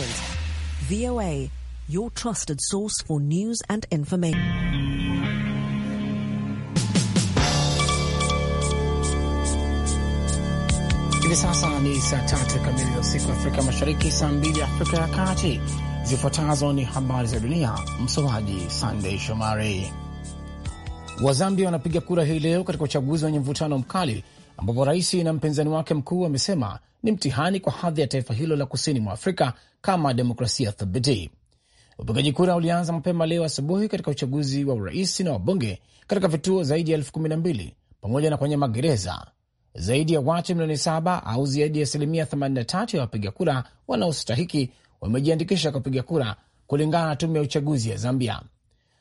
Ireland. VOA, your trusted source for news and information. Hivi sasa ni saa tatu kamili za usiku Afrika Mashariki, saa mbili Afrika ya Kati. Zifuatazo ni habari za dunia, msomaji Sandey Shomari. Wazambia wanapiga kura hii leo katika uchaguzi wenye mvutano mkali ambapo rais na mpinzani wake mkuu amesema ni mtihani kwa hadhi ya taifa hilo la kusini mwa Afrika kama demokrasia thabiti. Upigaji kura ulianza mapema leo asubuhi katika uchaguzi wa urais na wabunge katika vituo zaidi ya elfu kumi na mbili pamoja na kwenye magereza. Zaidi ya watu milioni saba au zaidi ya asilimia 83 ya wapiga kura wanaostahiki wamejiandikisha kupiga kura, kulingana na tume ya uchaguzi ya Zambia.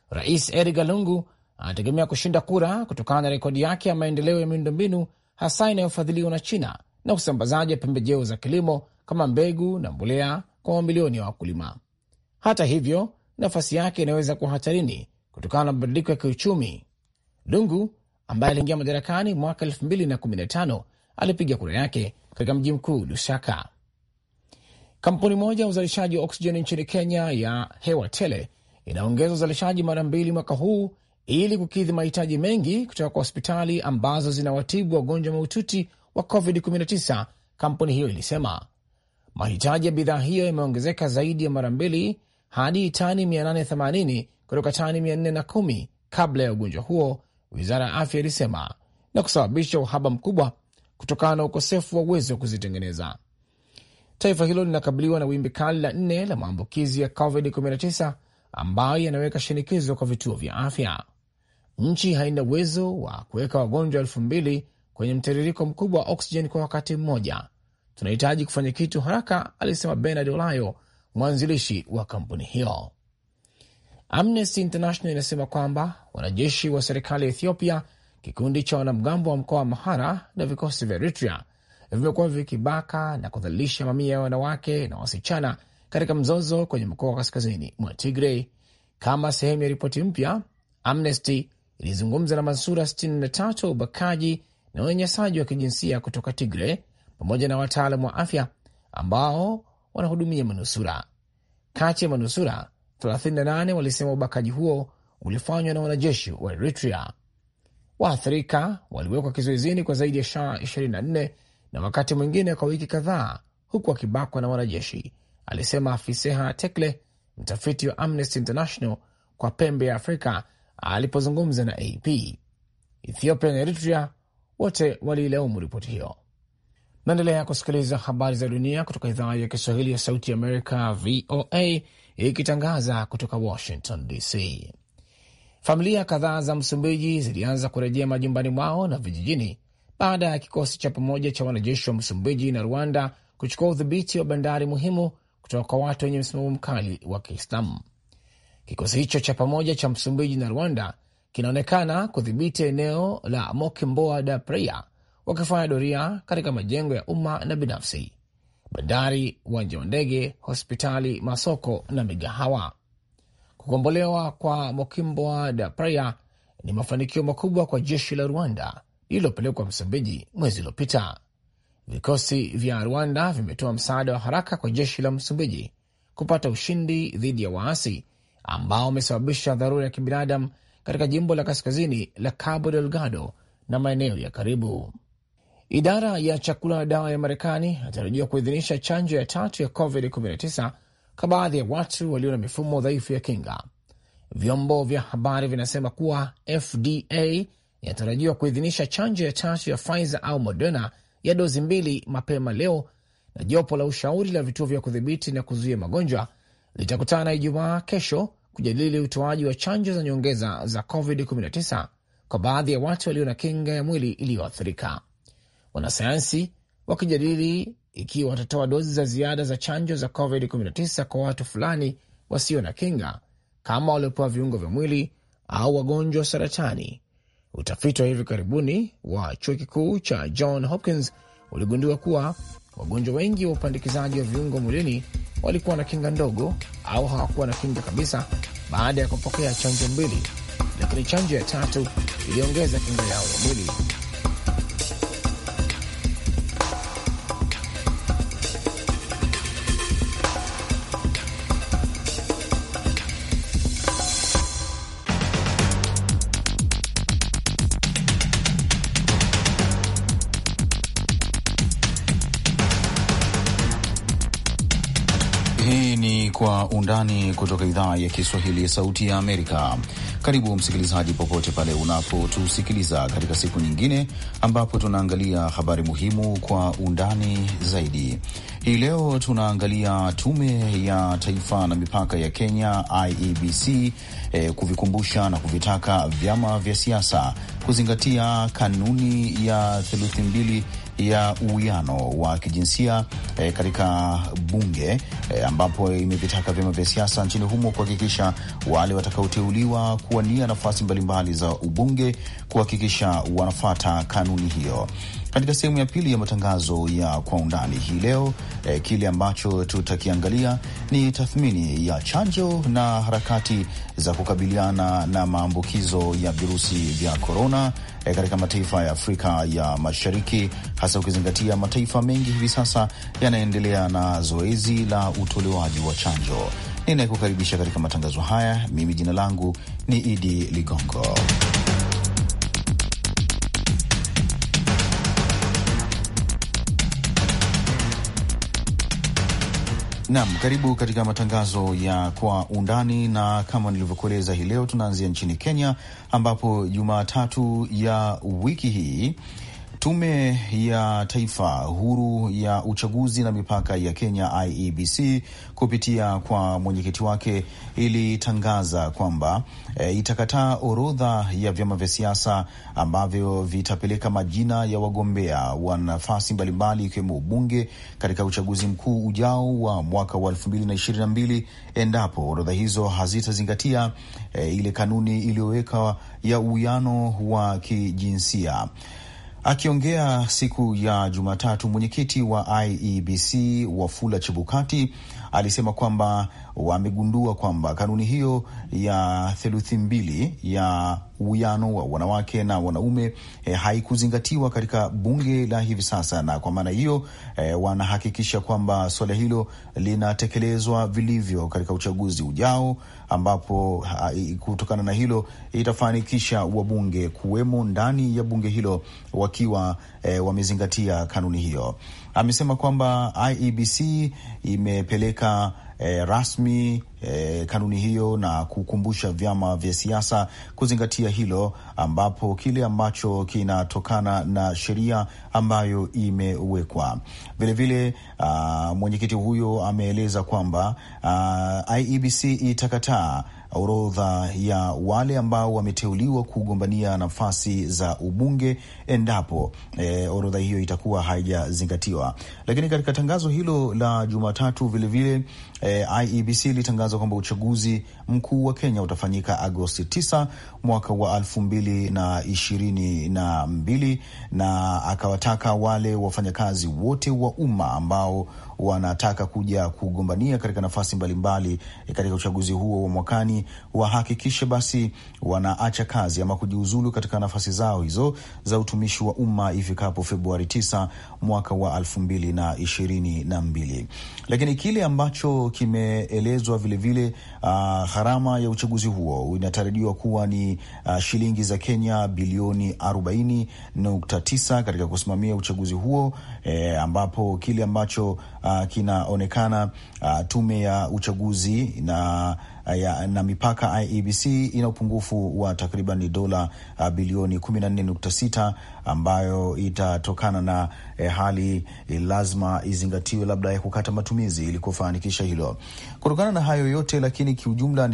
Rais Edgar Galungu anategemea kushinda kura kutokana na rekodi yake ya maendeleo ya miundombinu hasa inayofadhiliwa na China na usambazaji wa pembejeo za kilimo kama mbegu na mbolea kwa mamilioni ya wa wakulima. Hata hivyo, nafasi yake inaweza kuwa hatarini kutokana na mabadiliko ya kiuchumi. Lungu ambaye aliingia madarakani mwaka 2015 alipiga kura yake katika mji mkuu Lusaka. Kampuni moja ya uzalishaji wa oksijeni nchini Kenya ya Hewa Tele inaongeza uzalishaji mara mbili mwaka huu ili kukidhi mahitaji mengi kutoka kwa hospitali ambazo zinawatibu wagonjwa mahututi wa COVID-19. Kampuni hiyo ilisema mahitaji ya bidhaa hiyo yameongezeka zaidi ya mara mbili hadi tani 880 kutoka tani 410 kabla ya ugonjwa huo, wizara ya afya ilisema, na kusababisha uhaba mkubwa kutokana na ukosefu wa uwezo wa kuzitengeneza. Taifa hilo linakabiliwa na wimbi kali la nne la maambukizi ya COVID-19 ambayo yanaweka shinikizo kwa vituo vya afya. Nchi haina uwezo wa kuweka wagonjwa elfu mbili kwenye mtiririko mkubwa wa oksijeni kwa wakati mmoja. Tunahitaji kufanya kitu haraka, alisema Bernard Olayo, mwanzilishi wa kampuni hiyo. Amnesty International inasema kwamba wanajeshi wa serikali ya Ethiopia, kikundi cha wanamgambo wa mkoa wa mahara na vikosi vya Eritrea vimekuwa vikibaka na kudhalilisha mamia ya wanawake na wasichana katika mzozo kwenye mkoa wa kaskazini mwa Tigray. Kama sehemu ya ripoti mpya, Amnesty ilizungumza na manusura 63 wa ubakaji na unyanyasaji wa kijinsia kutoka Tigre pamoja na wataalam wa afya ambao wanahudumia manusura. Kati ya manusura 38 walisema ubakaji huo ulifanywa na wanajeshi wa Eritrea. Waathirika waliwekwa kizuizini kwa zaidi ya saa 24 na wakati mwingine kwa wiki kadhaa, huku wakibakwa na wanajeshi, alisema Fiseha Tekle, mtafiti wa Amnesty International kwa pembe ya Afrika alipozungumza na AP. Ethiopia na Eritrea wote waliilaumu ripoti hiyo. Naendelea kusikiliza habari za dunia kutoka idhaa ya Kiswahili ya Sauti Amerika, VOA, ikitangaza kutoka Washington DC. Familia kadhaa za Msumbiji zilianza kurejea majumbani mwao na vijijini baada ya kikosi cha pamoja cha wanajeshi wa Msumbiji na Rwanda kuchukua udhibiti wa bandari muhimu kutoka kwa watu wenye msimamo mkali wa Kiislamu. Kikosi hicho cha pamoja cha Msumbiji na Rwanda kinaonekana kudhibiti eneo la mokimboa da Praia, wakifanya doria katika majengo ya umma na binafsi, bandari, uwanja wa ndege, hospitali, masoko na migahawa. Kukombolewa kwa Mokimboa da Praia ni mafanikio makubwa kwa jeshi la Rwanda lililopelekwa Msumbiji mwezi uliopita. Vikosi vya Rwanda vimetoa msaada wa haraka kwa jeshi la Msumbiji kupata ushindi dhidi ya waasi ambao umesababisha dharura ya kibinadamu katika jimbo la kaskazini la Cabo Delgado na maeneo ya karibu. Idara ya chakula na dawa ya Marekani inatarajiwa kuidhinisha chanjo ya tatu ya COVID-19 kwa baadhi ya watu walio na mifumo dhaifu ya kinga. Vyombo vya habari vinasema kuwa FDA inatarajiwa kuidhinisha chanjo ya tatu ya Pfizer au Moderna ya dozi mbili mapema leo, na jopo la ushauri la vituo vya kudhibiti na kuzuia magonjwa litakutana Ijumaa kesho kujadili utoaji wa chanjo za nyongeza za COVID-19 kwa baadhi ya watu walio na kinga ya mwili iliyoathirika, wanasayansi wakijadili ikiwa watatoa dozi za ziada za chanjo za COVID-19 kwa watu fulani wasio na kinga kama waliopewa viungo vya mwili au wagonjwa wa saratani. Utafiti wa hivi karibuni wa chuo kikuu cha John Hopkins uligundua kuwa wagonjwa wengi wa upandikizaji wa viungo mwilini walikuwa na kinga ndogo au hawakuwa na kinga kabisa baada ya kupokea chanjo mbili, lakini chanjo ya tatu iliongeza kinga yao ya mwili Undani kutoka idhaa ya Kiswahili ya Sauti ya Amerika. Karibu msikilizaji, popote pale unapotusikiliza katika siku nyingine ambapo tunaangalia habari muhimu kwa undani zaidi. Hii leo tunaangalia Tume ya Taifa na Mipaka ya Kenya IEBC, eh, kuvikumbusha na kuvitaka vyama vya siasa kuzingatia kanuni ya theluthi mbili ya uwiano wa kijinsia e, katika bunge e, ambapo imevitaka vyama vya siasa nchini humo kuhakikisha wale watakaoteuliwa kuwania nafasi mbalimbali za ubunge kuhakikisha wanafata kanuni hiyo. Katika sehemu ya pili ya matangazo ya kwa undani hii leo e, kile ambacho tutakiangalia ni tathmini ya chanjo na harakati za kukabiliana na maambukizo ya virusi vya korona e, eh, katika mataifa ya Afrika ya Mashariki, hasa ukizingatia mataifa mengi hivi sasa yanaendelea na zoezi la utolewaji wa chanjo. Ninayekukaribisha katika matangazo haya, mimi jina langu ni Idi Ligongo. Naam, karibu katika matangazo ya kwa undani, na kama nilivyokueleza hii leo tunaanzia nchini Kenya ambapo Jumatatu ya wiki hii Tume ya Taifa Huru ya Uchaguzi na Mipaka ya Kenya, IEBC, kupitia kwa mwenyekiti wake ilitangaza kwamba e, itakataa orodha ya vyama vya siasa ambavyo vitapeleka majina ya wagombea wa nafasi mbalimbali ikiwemo ubunge katika uchaguzi mkuu ujao wa mwaka wa elfu mbili na ishirini na mbili endapo orodha hizo hazitazingatia e, ile kanuni iliyowekwa ya uwiano wa kijinsia. Akiongea siku ya Jumatatu, mwenyekiti wa IEBC Wafula Chebukati alisema kwamba wamegundua kwamba kanuni hiyo ya theluthi mbili ya uwiano wa wanawake na wanaume e, haikuzingatiwa katika bunge la hivi sasa, na kwa maana hiyo e, wanahakikisha kwamba suala hilo linatekelezwa vilivyo katika uchaguzi ujao, ambapo ha, kutokana na hilo itafanikisha wabunge kuwemo ndani ya bunge hilo wakiwa e, wamezingatia kanuni hiyo. Amesema kwamba IEBC imepeleka e, rasmi e, kanuni hiyo na kukumbusha vyama vya siasa kuzingatia hilo, ambapo kile ambacho kinatokana na sheria ambayo imewekwa. Vilevile ah, mwenyekiti huyo ameeleza kwamba ah, IEBC itakataa orodha ya wale ambao wameteuliwa kugombania nafasi za ubunge endapo e, orodha hiyo itakuwa haijazingatiwa. Lakini katika tangazo hilo la Jumatatu vilevile Eh, e, IEBC ilitangaza kwamba uchaguzi mkuu wa Kenya utafanyika Agosti 9 mwaka wa elfu mbili na ishirini na mbili na akawataka wale wafanyakazi wote wa umma ambao wanataka kuja kugombania katika nafasi mbalimbali eh, katika uchaguzi huo wa mwakani wahakikishe basi wanaacha kazi ama kujiuzulu katika nafasi zao hizo za utumishi wa umma ifikapo Februari 9 mwaka wa elfu mbili na ishirini na mbili, lakini kile ambacho kimeelezwa vilevile. Uh, ah, gharama ya uchaguzi huo inatarajiwa kuwa ni uh, shilingi za Kenya bilioni 40.9 katika kusimamia uchaguzi huo e, ambapo kile ambacho uh, kinaonekana uh, tume ya uchaguzi na Uh, ya, na mipaka IEBC ina upungufu wa takriban dola uh, bilioni 14.6 ambayo itatokana na eh, hali eh, lazima izingatiwe labda ya kukata matumizi ili kufanikisha hilo. Kutokana na hayo yote lakini, kiujumla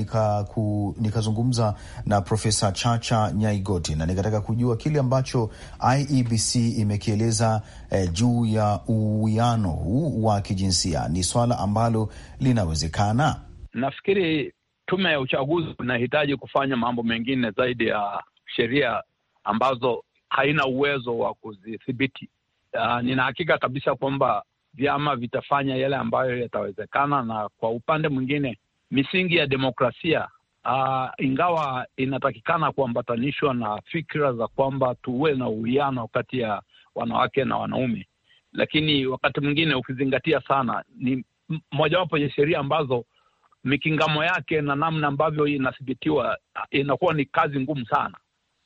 nikazungumza nika na Profesa Chacha Nyaigoti na nikataka kujua kile ambacho IEBC imekieleza eh, juu ya uwiano huu wa kijinsia. Ni swala ambalo linawezekana. Nafikiri tume ya uchaguzi inahitaji kufanya mambo mengine zaidi ya sheria ambazo haina uwezo wa kuzithibiti. Uh, nina hakika kabisa kwamba vyama vitafanya yale ambayo yatawezekana, na kwa upande mwingine misingi ya demokrasia uh, ingawa inatakikana kuambatanishwa na fikra za kwamba tuwe na uwiano kati ya wanawake na wanaume, lakini wakati mwingine ukizingatia sana, ni mojawapo ya sheria ambazo mikingamo yake na namna ambavyo inathibitiwa inakuwa ni kazi ngumu sana,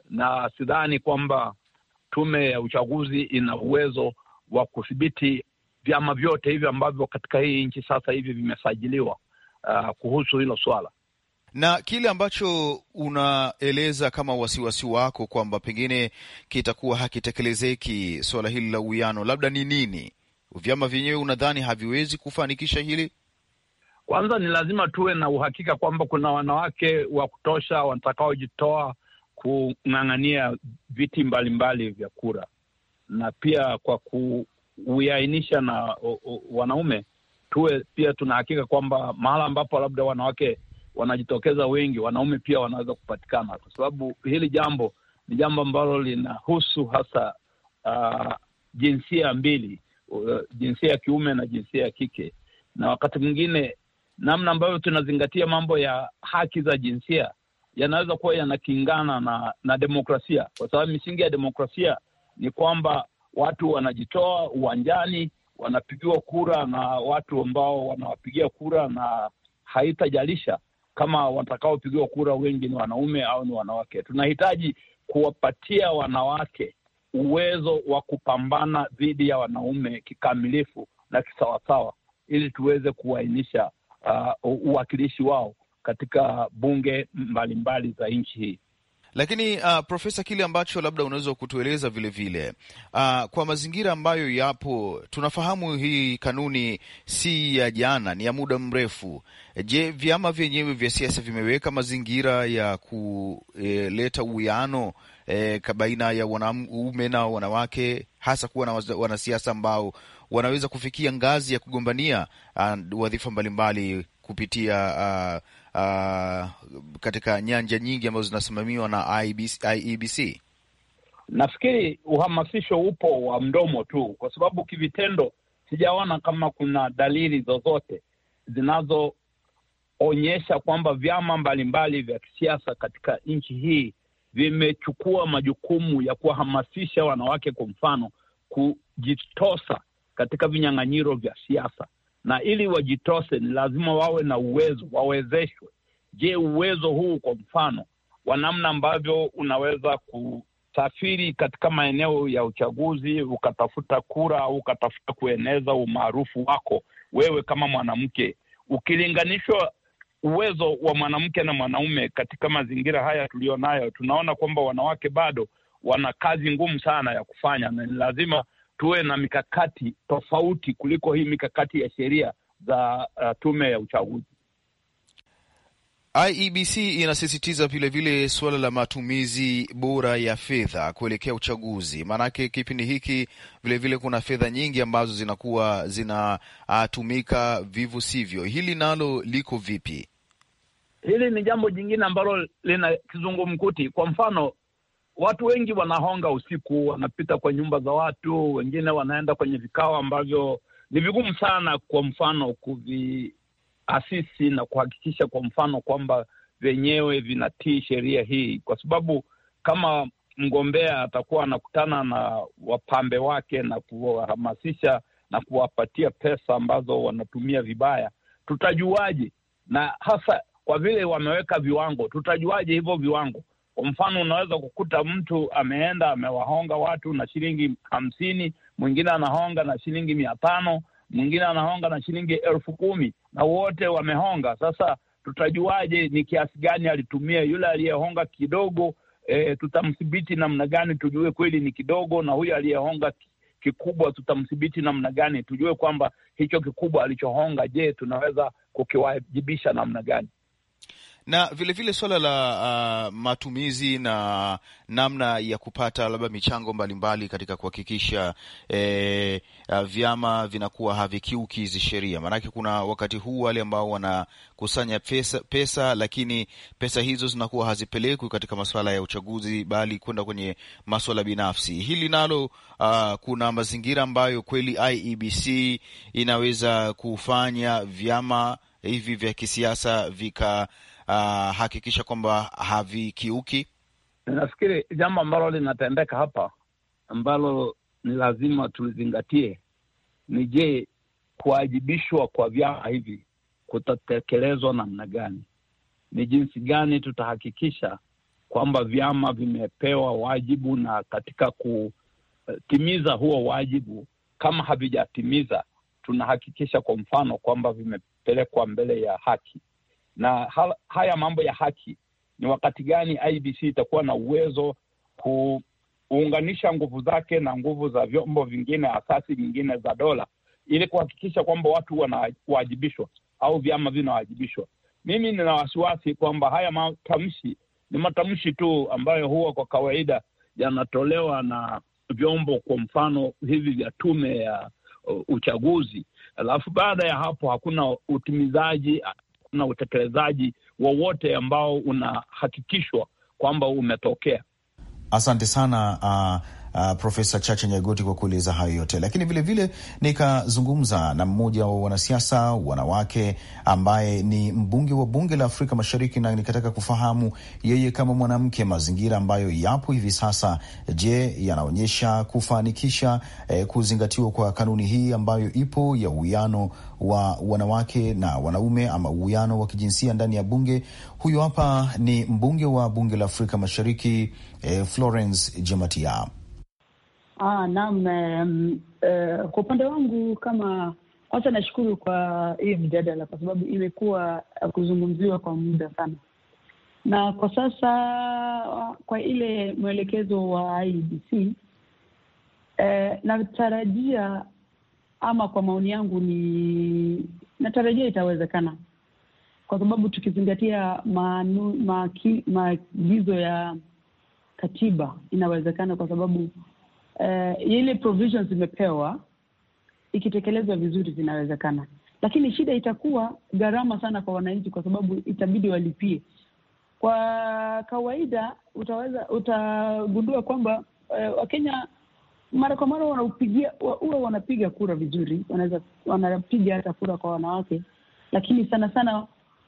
na sidhani kwamba tume ya uchaguzi ina uwezo wa kudhibiti vyama vyote hivyo ambavyo katika hii nchi sasa hivi vimesajiliwa uh, kuhusu hilo swala na kile ambacho unaeleza kama wasiwasi wako kwamba pengine kitakuwa hakitekelezeki swala hili la uwiano, labda ni nini? Vyama vyenyewe unadhani haviwezi kufanikisha hili? Kwanza ni lazima tuwe na uhakika kwamba kuna wanawake wa kutosha watakaojitoa kung'ang'ania viti mbalimbali mbali vya kura, na pia kwa kuiainisha na o, o, wanaume tuwe pia tunahakika kwamba mahala ambapo labda wanawake wanajitokeza wengi, wanaume pia wanaweza kupatikana, kwa sababu hili jambo ni jambo ambalo linahusu hasa uh, jinsia mbili, uh, jinsia ya kiume na jinsia ya kike, na wakati mwingine namna ambavyo tunazingatia mambo ya haki za jinsia yanaweza kuwa yanakingana na, na demokrasia, kwa sababu misingi ya demokrasia ni kwamba watu wanajitoa uwanjani, wanapigiwa kura na watu ambao wanawapigia kura, na haitajalisha kama watakaopigiwa kura wengi ni wanaume au ni wanawake. Tunahitaji kuwapatia wanawake uwezo wa kupambana dhidi ya wanaume kikamilifu na kisawasawa, ili tuweze kuainisha Uh, uwakilishi wao katika bunge mbalimbali za nchi hii. Lakini uh, Profesa, kile ambacho labda unaweza kutueleza vilevile uh, kwa mazingira ambayo yapo, tunafahamu hii kanuni si ya jana, ni ya muda mrefu. Je, vyama vyenyewe vya siasa vimeweka mazingira ya kuleta uwiano e, baina ya wanaume na wanawake, hasa kuwa na wanasiasa ambao wanaweza kufikia ngazi ya kugombania uh, wadhifa mbalimbali kupitia uh, uh, katika nyanja nyingi ambazo zinasimamiwa na IEBC, IEBC. Nafikiri uhamasisho upo wa mdomo tu, kwa sababu kivitendo sijaona kama kuna dalili zozote zinazoonyesha kwamba vyama mbalimbali vya kisiasa katika nchi hii vimechukua majukumu ya kuwahamasisha wanawake, kwa mfano, kujitosa katika vinyang'anyiro vya siasa, na ili wajitose ni lazima wawe na uwezo, wawezeshwe. Je, uwezo huu kwa mfano wa namna ambavyo unaweza kusafiri katika maeneo ya uchaguzi ukatafuta kura au ukatafuta kueneza umaarufu wako wewe kama mwanamke, ukilinganishwa uwezo wa mwanamke na mwanaume katika mazingira haya tuliyo nayo, tunaona kwamba wanawake bado wana kazi ngumu sana ya kufanya, na ni lazima tuwe na mikakati tofauti kuliko hii mikakati ya sheria za uh, tume ya uchaguzi. IEBC inasisitiza vilevile suala la matumizi bora ya fedha kuelekea uchaguzi, maanake kipindi hiki vilevile vile kuna fedha nyingi ambazo zinakuwa zinatumika vivu sivyo. Hili nalo liko vipi? Hili ni jambo jingine ambalo lina kizungumkuti. Kwa mfano, watu wengi wanahonga usiku, wanapita kwa nyumba za watu, wengine wanaenda kwenye vikao ambavyo ni vigumu sana, kwa mfano kuviasisi na kuhakikisha kwa mfano kwamba vyenyewe vinatii sheria hii, kwa sababu kama mgombea atakuwa anakutana na wapambe wake na kuwahamasisha na kuwapatia pesa ambazo wanatumia vibaya, tutajuaje? Na hasa kwa vile wameweka viwango, tutajuaje hivyo viwango? Kwa mfano, unaweza kukuta mtu ameenda amewahonga watu na shilingi hamsini, mwingine anahonga na shilingi mia tano, mwingine anahonga na shilingi elfu kumi na wote wamehonga. Sasa tutajuaje ni kiasi gani alitumia yule aliyehonga kidogo? E, tutamthibiti namna gani tujue kweli ni kidogo, na huyo aliyehonga kikubwa tutamthibiti namna gani tujue kwamba hicho kikubwa alichohonga, je, tunaweza kukiwajibisha namna gani? na vilevile suala la uh, matumizi na namna ya kupata labda michango mbalimbali mbali katika kuhakikisha eh, uh, vyama vinakuwa havikiuki hizi sheria, maanake kuna wakati huu wale ambao wanakusanya pesa, pesa lakini pesa hizo zinakuwa hazipelekwi katika masuala ya uchaguzi, bali kwenda kwenye maswala binafsi. Hili nalo uh, kuna mazingira ambayo kweli IEBC inaweza kufanya vyama hivi vya kisiasa vika uh, hakikisha kwamba havikiuki? Nafikiri jambo ambalo linatendeka hapa ambalo ni lazima tulizingatie ni je, kuwajibishwa kwa vyama hivi kutatekelezwa namna gani? Ni jinsi gani tutahakikisha kwamba vyama vimepewa wajibu, na katika kutimiza huo wajibu, kama havijatimiza, tunahakikisha kwa mfano kwamba vimepelekwa mbele ya haki na haya mambo ya haki, ni wakati gani IBC itakuwa na uwezo kuunganisha nguvu zake na nguvu za vyombo vingine, asasi nyingine za dola, ili kuhakikisha kwamba watu wanawajibishwa au vyama vinawajibishwa. Mimi nina wasiwasi kwamba haya matamshi ni matamshi tu ambayo huwa kwa kawaida yanatolewa na vyombo, kwa mfano hivi vya tume ya uh, uchaguzi, alafu baada ya hapo hakuna utimizaji hakuna utekelezaji wowote ambao unahakikishwa kwamba umetokea. Asante sana uh uh, Profesa Chacha Nyagoti kwa kueleza hayo yote, lakini vilevile nikazungumza na mmoja wa wanasiasa wanawake ambaye ni mbunge wa bunge la Afrika Mashariki, na nikataka kufahamu yeye kama mwanamke, mazingira ambayo yapo hivi sasa, je, yanaonyesha kufanikisha eh, kuzingatiwa kwa kanuni hii ambayo ipo ya uwiano wa wanawake na wanaume ama uwiano wa kijinsia ndani ya bunge. Huyu hapa ni mbunge wa bunge la Afrika Mashariki eh, Florence Jematia. Ah, naam. Uh, kwa upande wangu kama kwanza nashukuru kwa hiyo mjadala kwa sababu imekuwa kuzungumziwa kwa muda sana, na kwa sasa kwa ile mwelekezo wa ibc eh, natarajia ama kwa maoni yangu ni natarajia itawezekana kwa sababu tukizingatia maagizo ya katiba inawezekana, kwa sababu uh, ile provision zimepewa, ikitekelezwa vizuri zinawezekana, lakini shida itakuwa gharama sana kwa wananchi, kwa sababu itabidi walipie. Kwa kawaida utaweza utagundua kwamba uh, Wakenya mara kwa mara wanaupigia huwa wanapiga kura vizuri, wanaweza wanapiga hata kura kwa wanawake, lakini sana sana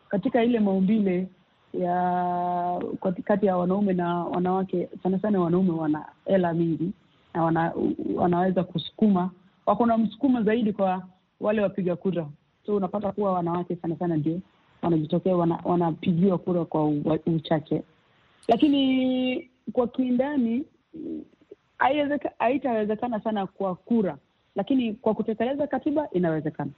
katika ile maumbile ya kati ya wanaume na wanawake, sana sana wanaume wana hela mingi na wana, wanaweza kusukuma, wako na msukumo zaidi kwa wale wapiga kura. So unapata kuwa wanawake sana sana ndio wanajitokea, wanapigiwa wana kura kwa uchache, lakini kwa kindani haitawezekana sana kwa kura, lakini kwa kutekeleza katiba inawezekana.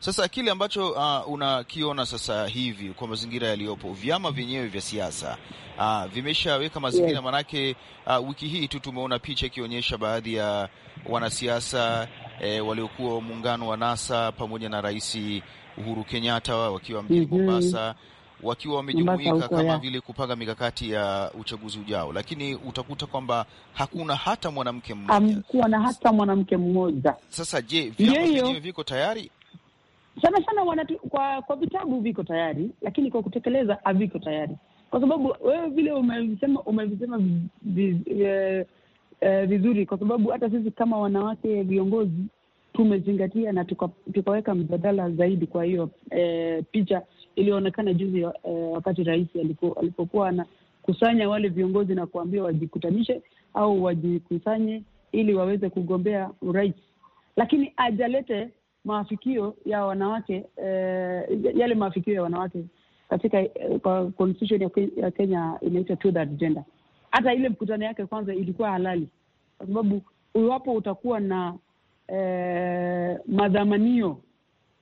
Sasa kile ambacho uh, unakiona sasa hivi kwa mazingira yaliyopo, vyama vyenyewe vya siasa uh, vimeshaweka mazingira yeah. Manake uh, wiki hii tu tumeona picha ikionyesha baadhi ya wanasiasa eh, waliokuwa muungano wa NASA pamoja na Rais Uhuru Kenyatta wakiwa mjini mhm. Mombasa mm -hmm wakiwa wamejumuika kama vile kupanga mikakati ya uchaguzi ujao, lakini utakuta kwamba hakuna hata mwanamke mmoja, hakuna hata mwanamke mmoja. Sasa je, vyama vyenyewe viko tayari sana sana wanatu, kwa kwa vitabu viko tayari, lakini kwa kutekeleza haviko tayari, kwa sababu wewe vile umevisema umevisema viz, eh, eh, vizuri, kwa sababu hata sisi kama wanawake viongozi tumezingatia na tukaweka mjadala zaidi. Kwa hiyo e, picha iliyoonekana juzi e, wakati rais alipokuwa anakusanya wale viongozi na kuambia wajikutanishe au wajikusanye ili waweze kugombea urais, lakini ajalete maafikio ya wanawake eh, yale maafikio ya wanawake katika eh, kwa constitution ya Kenya, inaitwa to that gender. Hata ile mkutano yake kwanza ilikuwa halali, kwa sababu iwapo utakuwa na eh, madhamanio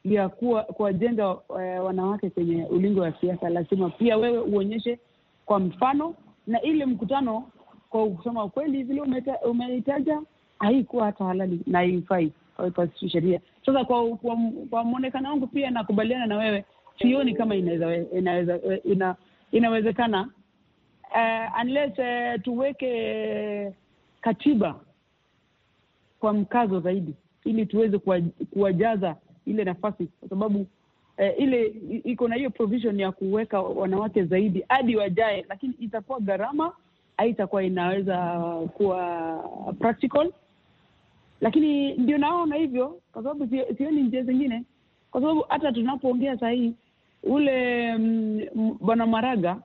ya kuwa kuwajenga eh, wanawake kwenye ulingo wa siasa, lazima pia wewe uonyeshe kwa mfano, na ile mkutano kwa kusema ukweli vile umeitaja haikuwa hata halali na haifai kwa sheria sasa kwa, kwa, kwa mwonekano wangu pia nakubaliana na wewe, sioni kama inaweza inaweza ina, inawezekana uh, unless uh, tuweke katiba kwa mkazo zaidi ili tuweze kuwajaza ile nafasi, kwa sababu uh, ile iko na hiyo provision ya kuweka wanawake zaidi hadi wajae, lakini itakuwa gharama, haitakuwa inaweza kuwa practical lakini ndio naona hivyo, kwa sababu sioni njia zingine, kwa sababu hata tunapoongea saa hii ule mm, bwana Maraga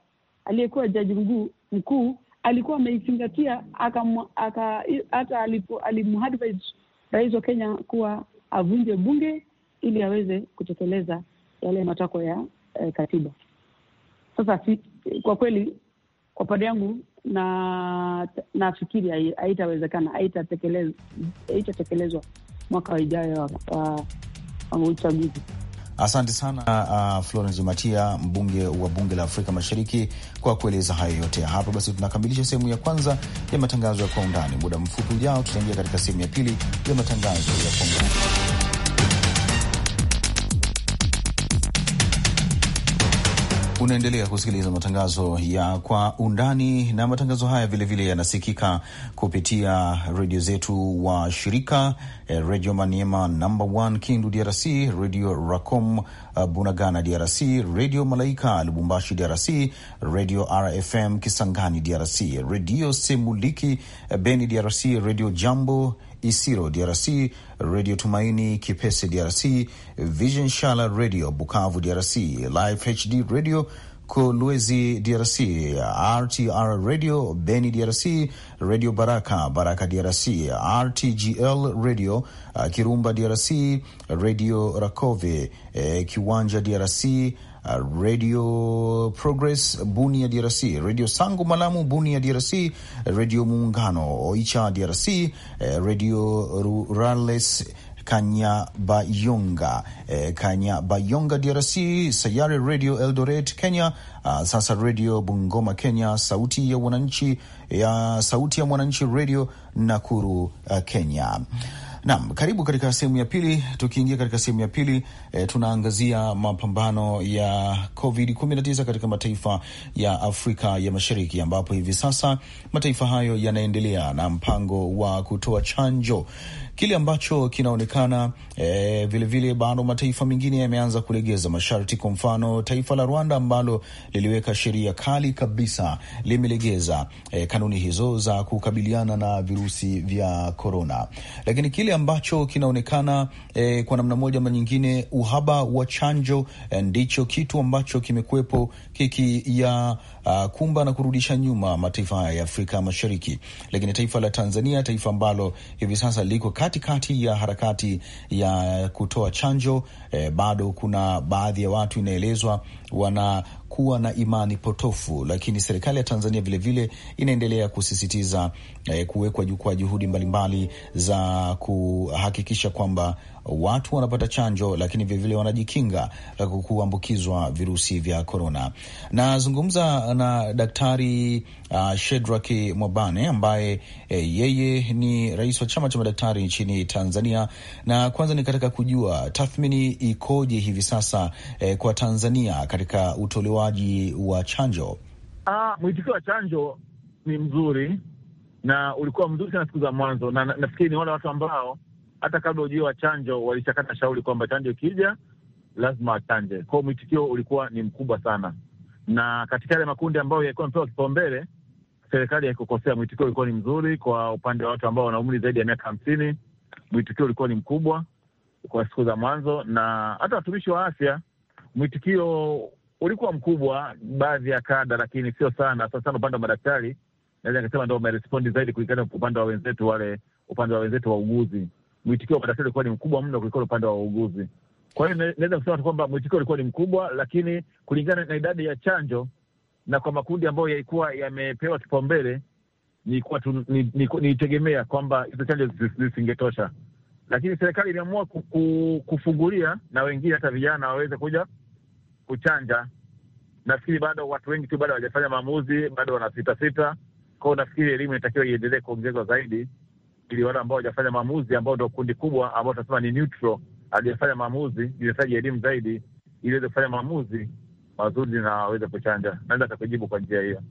aliyekuwa jaji mkuu mkuu alikuwa ameizingatia hata alimwadvise rais wa Kenya kuwa avunje bunge ili aweze kutekeleza yale matakwa ya eh, katiba. Sasa si, kwa kweli kwa upande yangu na nafikiri haitawezekana, haitatekelezwa mwaka ijayo wa uchaguzi. Asante sana uh, Florence Matia, mbunge wa bunge la Afrika Mashariki, kwa kueleza hayo yote. Hapa basi tunakamilisha sehemu ya kwanza ya matangazo ya kwa undani. Muda mfupi ujao, tutaingia katika sehemu ya pili ya matangazo ya kwa undani. Unaendelea kusikiliza matangazo ya Kwa Undani, na matangazo haya vilevile yanasikika kupitia redio zetu wa shirika eh, Redio Maniema namba 1 Kindu DRC, Redio Racom uh, Bunagana DRC, Redio Malaika Lubumbashi DRC, Redio RFM Kisangani DRC, Redio Semuliki eh, Beni DRC, Redio Jambo Isiro DRC, Redio Tumaini Kipese DRC, Vision Shala Radio Bukavu DRC, Live HD Radio Kolwezi DRC, RTR Radio Beni DRC, Radio Baraka Baraka DRC, RTGL Radio uh, Kirumba DRC, Radio Rakove eh, Kiwanja DRC Uh, Radio Progress ya DRC, Radio sangu Malamu buni ya DRC, Radio Muungano Oicha DRC, uh, Radio Rurales Kanyabayonga eh, Kanyabayonga DRC, Sayare Radio Eldoret Kenya, uh, sasa Radio Bungoma Kenya, Sauti ya Wananchi ya Sauti ya Mwananchi Radio Nakuru uh, Kenya. Naam, karibu katika sehemu ya pili. Tukiingia katika sehemu ya pili e, tunaangazia mapambano ya COVID-19 katika mataifa ya Afrika ya Mashariki ambapo hivi sasa mataifa hayo yanaendelea na mpango wa kutoa chanjo kile ambacho kinaonekana eh, vilevile bado mataifa mengine yameanza kulegeza masharti. Kwa mfano taifa la Rwanda ambalo liliweka sheria kali kabisa limelegeza eh, kanuni hizo za kukabiliana na virusi vya korona, lakini kile ambacho kinaonekana eh, kwa namna moja ama nyingine uhaba wa chanjo eh, ndicho kitu ambacho kimekuwepo kiki ya uh, kumba na kurudisha nyuma mataifa haya ya Afrika Mashariki. Lakini taifa la Tanzania, taifa ambalo hivi sasa liko katikati ya harakati ya kutoa chanjo eh, bado kuna baadhi ya watu inaelezwa wana kuwa na imani potofu, lakini serikali ya Tanzania vilevile vile inaendelea kusisitiza eh, kuwekwa kwa juhudi mbalimbali za kuhakikisha kwamba watu wanapata chanjo, lakini vilevile wanajikinga kuambukizwa virusi vya korona. Nazungumza na Daktari uh, ah, Shedraki Mwabane ambaye eh, yeye ni rais wa chama cha madaktari nchini Tanzania, na kwanza ni katika kujua tathmini ikoje hivi sasa eh, kwa Tanzania katika utolewa utoaji wa chanjo? Ah, mwitikio wa chanjo ni mzuri na ulikuwa mzuri sana siku za mwanzo, na nafikiri ni wale watu ambao hata kabla ujio wa chanjo walichakata shauri kwamba chanjo ikija lazima wachanje. Kwao mwitikio ulikuwa ni mkubwa sana, na katika yale makundi ambayo yalikuwa yamepewa kipaumbele, serikali haikukosea. Mwitikio ulikuwa ni mzuri kwa upande wa watu ambao wana umri zaidi ya miaka hamsini. Mwitikio ulikuwa ni mkubwa kwa siku za mwanzo, na hata watumishi wa afya mwitikio ulikuwa mkubwa baadhi ya kada, lakini sio sana. Sasa sana upande wa madaktari naweza nikasema ndo wamerespondi zaidi kulingana upande wa wenzetu wale, upande wa wenzetu wa uguzi, mwitikio wa madaktari ulikuwa ni mkubwa mno kuliko upande wa wauguzi. Kwa hiyo naweza kusema tu kwamba mwitikio ulikuwa ni mkubwa, lakini kulingana na idadi ya chanjo na kwa makundi ambayo yalikuwa yamepewa kipaumbele, niitegemea ni, ni kwamba hizo chanjo zisingetosha, lakini serikali iliamua kufungulia na wengine hata vijana waweze kuja kuchanja. Nafikiri bado watu wengi tu bado hawajafanya maamuzi, bado wanasitasita kwao. Nafikiri elimu inatakiwa iendelee kuongezwa zaidi, ili wale ambao hawajafanya maamuzi, ambao ndo kundi kubwa, ambao tunasema ni neutral, hawajafanya maamuzi, inahitaji elimu zaidi ili weze kufanya maamuzi mazuri na waweze kuchanja. Naweza atakujibu kwa njia hiyo.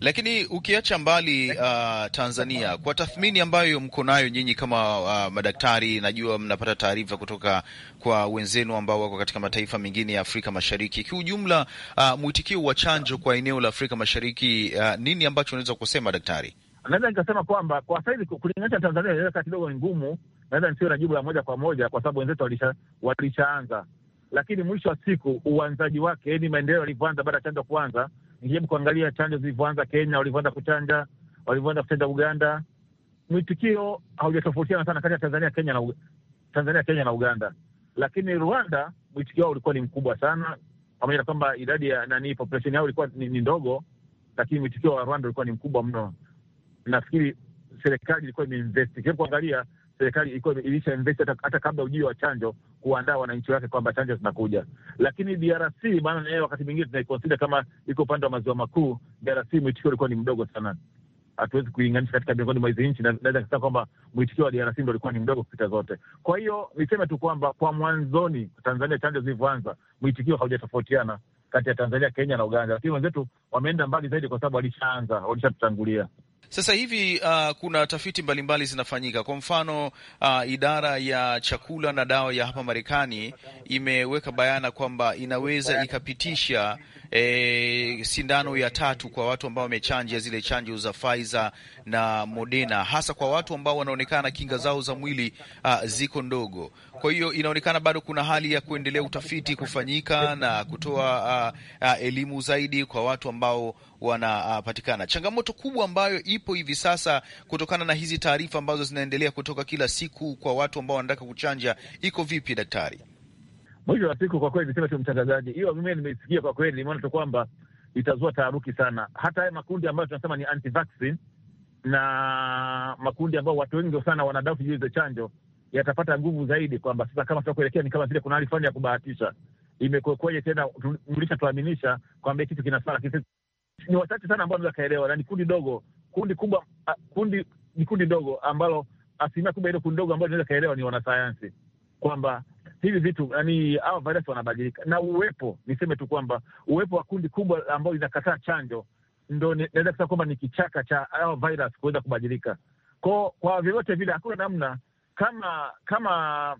Lakini ukiacha mbali uh, Tanzania, kwa tathmini ambayo mko nayo nyinyi kama uh, madaktari, najua mnapata taarifa kutoka kwa wenzenu ambao wako katika mataifa mengine ya Afrika Mashariki kiujumla, uh, mwitikio wa chanjo kwa eneo la Afrika Mashariki, uh, nini ambacho unaweza kusema daktari? Naweza nikasema kwamba kwa sasa hivi kulinganisha Tanzania inaweza kidogo ni ngumu, naweza nisio na jibu la moja kwa moja kwa sababu wenzetu walisha, walishaanza, lakini mwisho wa siku uanzaji wake, yaani maendeleo yalivyoanza baada ya chanjo kuanza nijaribu kuangalia chanjo zilivyoanza Kenya, walivyoanza kuchanja, walivyoanza kuchanja Uganda, mwitikio haujatofautiana sana kati ya Tanzania, Kenya na Tanzania, Kenya na Uganda, lakini Rwanda mwitikio wao ulikuwa ni mkubwa sana, pamoja na kwamba idadi ya nani population yao ilikuwa ni, ni ndogo, lakini mwitikio wa Rwanda ulikuwa ni mkubwa mno. Nafikiri serikali ilikuwa imeinvest kuangalia serikali ilikuwa ilisha invest hata kabla ujio wa chanjo kuandaa wananchi wake kwamba chanjo zinakuja. Lakini DRC maana naye wakati mwingine tunaikonsida kama iko upande wa maziwa makuu, DRC mwitikio ulikuwa ni mdogo sana, hatuwezi kuinganisha katika miongoni mwa hizi nchi. Naweza kusema kwamba mwitikio wa DRC ndo ulikuwa ni mdogo kupita zote. Kwa hiyo niseme tu kwamba kwa mwanzoni, Tanzania chanjo zilivyoanza, mwitikio haujatofautiana kati ya Tanzania, Kenya na Uganda, lakini wenzetu wameenda mbali zaidi kwa sababu walishaanza, walishatutangulia. Sasa hivi uh, kuna tafiti mbalimbali zinafanyika. Kwa mfano uh, idara ya chakula na dawa ya hapa Marekani imeweka bayana kwamba inaweza ikapitisha e, sindano ya tatu kwa watu ambao wamechanja zile chanjo za Pfizer na Moderna, hasa kwa watu ambao wanaonekana kinga zao za mwili a, ziko ndogo. Kwa hiyo inaonekana bado kuna hali ya kuendelea utafiti kufanyika na kutoa a, a, elimu zaidi kwa watu ambao wanapatikana. Changamoto kubwa ambayo ipo hivi sasa kutokana na hizi taarifa ambazo zinaendelea kutoka kila siku kwa watu ambao wanataka kuchanja iko vipi, daktari? Mwisho wa siku, kwa kweli niseme tu mtangazaji, hiyo mimi nimeisikia kwa kweli, nimeona tu kwamba itazua taharuki sana. Hata haya makundi ambayo tunasema ni anti-vaccine na makundi ambayo watu wengi sana wanadau juu za chanjo yatapata nguvu zaidi, kwamba sasa kama tutakuelekea ni kama vile kuna hali fulani ya kubahatisha, imekuekwaje tena, mlishatuaminisha kwamba hii kitu kinafaa. Ni wachache sana ambao wanaweza kaelewa, na ni kundi dogo, kundi kubwa, kundi ni kundi dogo ambalo asilimia kubwa, ile kundi dogo ambayo inaweza kaelewa ni wanasayansi kwamba hivi vitu yani, hawa virusi wanabadilika, na uwepo, niseme tu kwamba uwepo wa kundi kubwa ambayo linakataa chanjo ndo naweza kusema kwamba ni kichaka cha hawa virusi kuweza kubadilika. Kwa kwa vyovyote vile, hakuna namna kama kama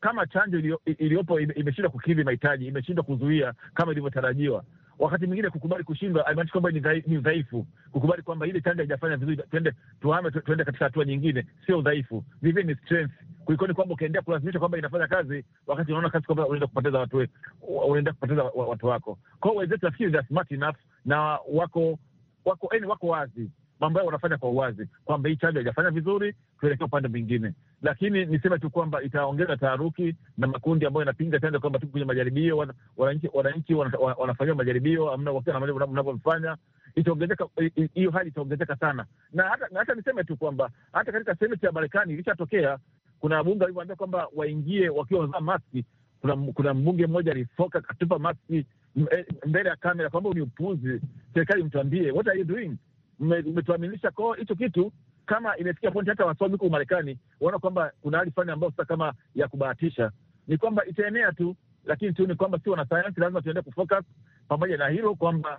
kama chanjo iliyopo imeshindwa kukidhi mahitaji, imeshindwa kuzuia kama ilivyotarajiwa wakati mwingine kukubali kushindwa haimaanishi kwamba ni udhaifu. Kukubali kwamba ile chanja haijafanya vizuri, tuende tuhame, tuende katika hatua nyingine, sio udhaifu, vivyo ni strength, kulikoni kwamba ukiendelea kulazimisha kwamba inafanya kazi wakati unaona kazi kwamba unaenda kupoteza watu, unaenda kupoteza watu wako. Kwao wenzetu nafikiri they are smart enough na wako wako yani, wako wazi mambo yao wanafanya kwa uwazi kwamba hii chanjo haijafanya vizuri, tuelekea upande mwingine. Lakini niseme tu kwamba itaongeza taharuki na makundi ambayo yanapinga chanjo kwamba tuko kwenye majaribio, wananchi wananchi wanafanyiwa majaribio, hamna uhakika na mnavyofanya. Itaongezeka hiyo hali itaongezeka sana, na hata, na hata niseme tu kwamba hata katika seneti ya Marekani ilishatokea kuna wabunge walivyoambia kwamba waingie wakiwa wamevaa maski. Kuna, kuna mbunge mmoja alifoka akatupa maski eh, mbele ya kamera kwamba ni upuzi. Serikali mtuambie, what are you doing? mmetuaminisha kwao hicho kitu kama imefikia pointi hata wasomi huko Marekani waona kwamba kuna hali fulani ambayo sasa kama ya kubahatisha, ni kwamba itaenea tu, lakini tu ni kwamba si wanasayansi, lazima tuendelee kufocus pamoja na hilo kwamba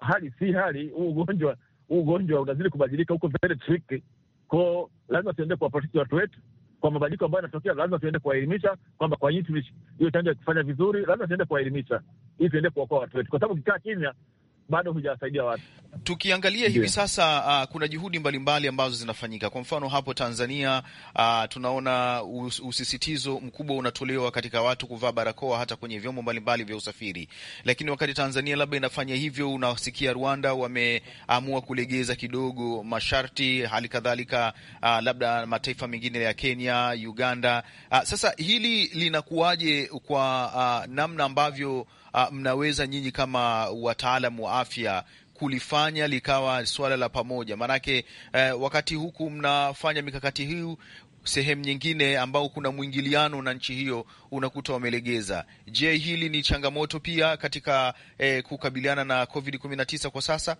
hali si hali, huu ugonjwa huu ugonjwa unazidi kubadilika, huko very tricky kwao, lazima tuendelee kuwaprotect watu wetu kwa mabadiliko ambayo yanatokea. Lazima tuende kuwaelimisha kwamba kwa nini hiyo chanjo kufanya vizuri, lazima tuende kuwaelimisha ili tuende kuokoa watu wetu, kwa sababu kikaa kimya bado hujawasaidia watu. Tukiangalia hivi sasa uh, kuna juhudi mbalimbali mbali ambazo zinafanyika. Kwa mfano hapo Tanzania uh, tunaona us, usisitizo mkubwa unatolewa katika watu kuvaa barakoa hata kwenye vyombo mbalimbali vya usafiri, lakini wakati Tanzania labda inafanya hivyo, unasikia Rwanda wameamua kulegeza kidogo masharti, hali kadhalika uh, labda mataifa mengine ya Kenya, Uganda. Uh, sasa hili linakuwaje kwa uh, namna ambavyo uh, mnaweza nyinyi kama wataalamu wa afya kulifanya likawa swala la pamoja? Maanake uh, wakati huku mnafanya mikakati hiu sehemu nyingine ambao kuna mwingiliano na nchi hiyo unakuta wamelegeza. Je, hili ni changamoto pia katika eh, kukabiliana na Covid 19 kwa sasa?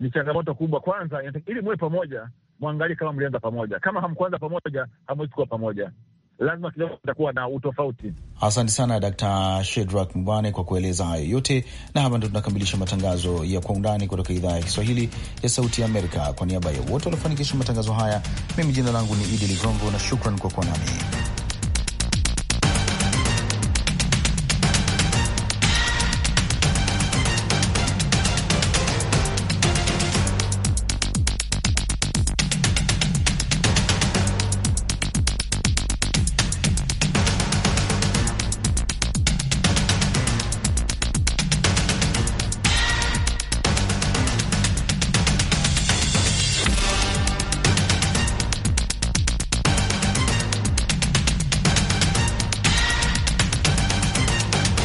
Ni changamoto kubwa. Kwanza ili muwe pamoja, mwangalie kama mlianza pamoja. Kama hamkuanza pamoja, hamwezi kuwa pamoja lazima kidogo kutakuwa na utofauti. Asante sana Dakta Shedrak Mbane kwa kueleza hayo yote, na hapa ndo tunakamilisha matangazo ya Kwa Undani kutoka idhaa ya Kiswahili ya Sauti ya Amerika. Kwa niaba ya wote waliofanikisha matangazo haya, mimi jina langu ni Idi Ligongo na shukran kwa kuwa nami.